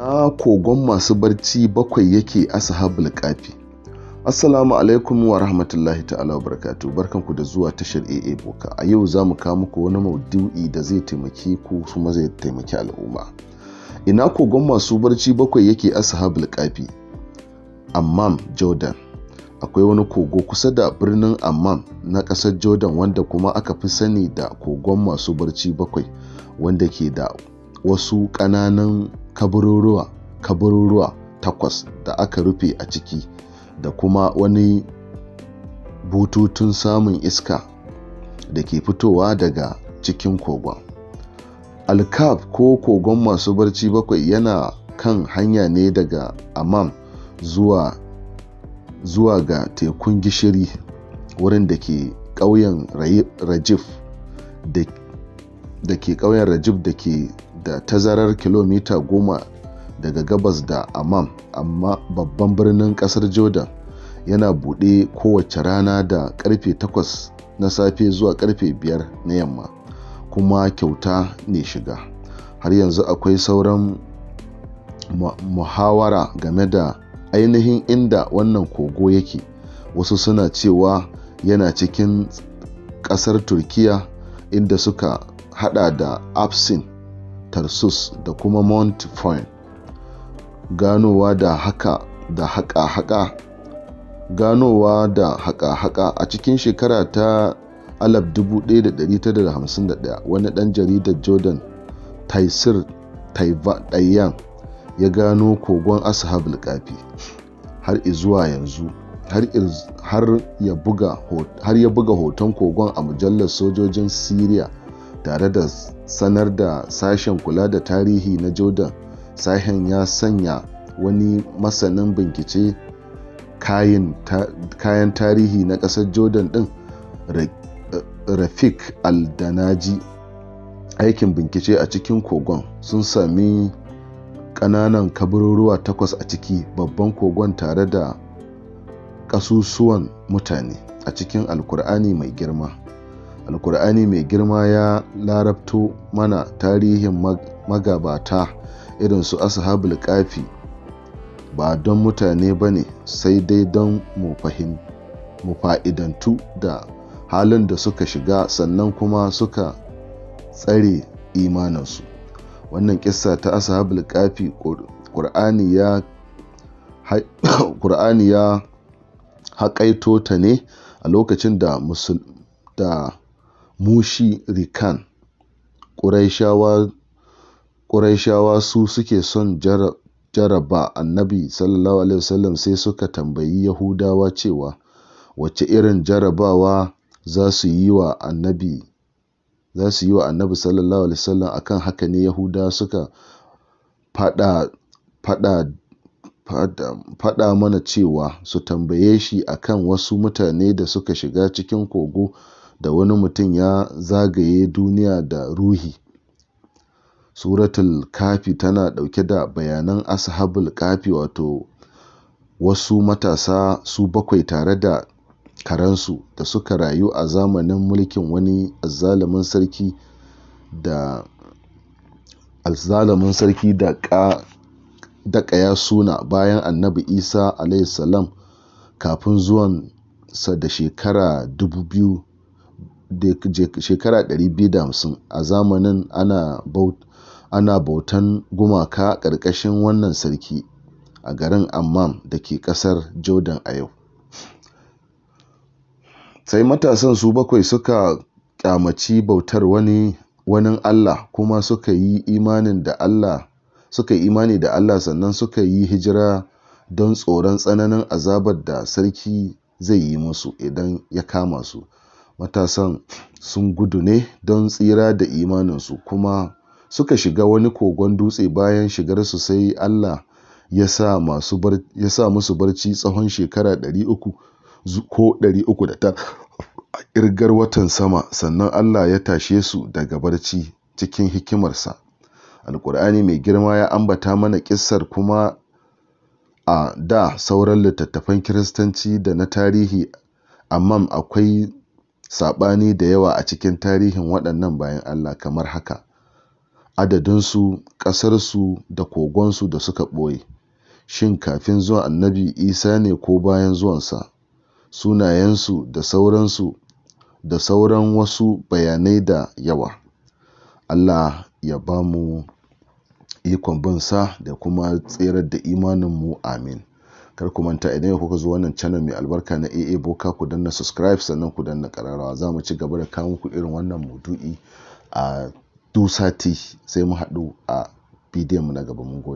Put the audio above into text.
na kogon masu barci bakwai yake asahabul kafi assalamu alaikum wa rahmatullahi ta'ala wa barakatu barkanku da zuwa tashar AA Boka a yau za mu kawo muku wani maudu'i da zai taimake ku kuma zai taimaki al'umma ina kogon masu barci bakwai yake asahabul kafi amman jordan akwai wani kogo kusa da birnin ammam na ƙasar jordan wanda kuma aka fi sani da kogon masu barci bakwai wanda ke da wasu ƙananan kabururuwa kabururuwa takwas da aka rufe a ciki da kuma wani bututun samun iska da ke fitowa daga cikin kogon alkaf ko kogon masu barci bakwai yana kan hanya ne daga amam zuwa zuwa ga tekun gishiri wurin da ke ƙauyen rajif da ke ƙauyen rajif da ke da tazarar kilomita goma daga gabas da amman amma babban birnin kasar jordan yana buɗe kowace rana da karfe 8 na safe zuwa karfe 5 na yamma kuma kyauta ne shiga har yanzu akwai sauran muhawara game da ainihin inda wannan kogo yake wasu suna cewa yana cikin ƙasar turkiya inda suka hada da absin tarsus da kuma mount point ganowa da haka da haƙa-haƙa ganowa da haka-haka a cikin shekara ta 1951 wani ɗan jaridar jordan taisir dayan ya gano kogon ashabul kafi har zuwa yanzu har ya buga hoton kogon a mujallar sojojin syria tare da sanar da sashen kula da tarihi na jordan sashen ya sanya wani masanin bincike kayan tarihi na ƙasar jordan ɗin rafik aldanaji aikin bincike a cikin kogon sun sami ƙananan kabururuwa takwas a ciki babban kogon tare da ƙasusuwan mutane a cikin alkur'ani mai girma alkur'ani mai girma ya larabto mana tarihin magabata irin su ashabul kafi ba don mutane ba ne sai dai don mu fa'idantu da halin da suka shiga sannan kuma suka tsare imaninsu wannan kissa ta ashabul kafi kur'ani ya haƙaito ta ne a lokacin da Mushi Rikan: Qurayshawa su suke son jaraba Annabi wasallam sai suka tambayi Yahudawa cewa wace irin jarabawa za su yi wa Annabi sallallahu alaihi wasallam akan haka ne yahuda suka faɗa mana cewa su tambaye shi akan wasu mutane da suka shiga cikin kogo da wani mutum ya zagaye duniya da ruhi. Suratul kafi tana ɗauke da bayanan Ashabul kafi wato wasu matasa su bakwai tare da karensu da suka rayu a zamanin mulkin wani azzalumin sarki da azzalumin sarki da ka suna bayan annabi isa salam kafin zuwan sa da shekara dubu biyu shekara 250 a zamanin ana bautan gumaka ƙarƙashin wannan sarki a garin Amman da ke ƙasar Jordan a yau. Sai matasan su bakwai suka ƙyamaci bautar wani Allah kuma suka yi imani da Allah sannan suka yi hijira don tsoron tsananin azabar da sarki zai yi musu idan ya kama su. Matasan sun gudu ne don tsira da imaninsu kuma suka shiga wani kogon dutse bayan shigarsu sai Allah ya sa musu barci tsawon shekara 300 ko 309 a kirgar watan sama sannan Allah ya tashe su daga barci cikin hikimarsa. Alkur'ani Mai Girma ya ambata mana kisar kuma a da sauran littattafan Kiristanci da na tarihi amma akwai saɓani da yawa a cikin tarihin waɗannan bayan Allah kamar haka, adadinsu, ƙasarsu da kogonsu da suka ɓoye, shin kafin zuwa annabi Isa ne ko bayan zuwansa, sunayensu da sauransu da sauran wasu bayanai da yawa. Allah ya ba mu ikon binsa da kuma tserar da imaninmu amin. kar ku manta idan kuka zo wannan channel mai albarka na AA Boka ku danna subscribe sannan ku danna kararrawa za mu ci gaba da kawo muku irin wannan maudu'i a duk sai mu haɗu a bidiyon mu na gaba mun gode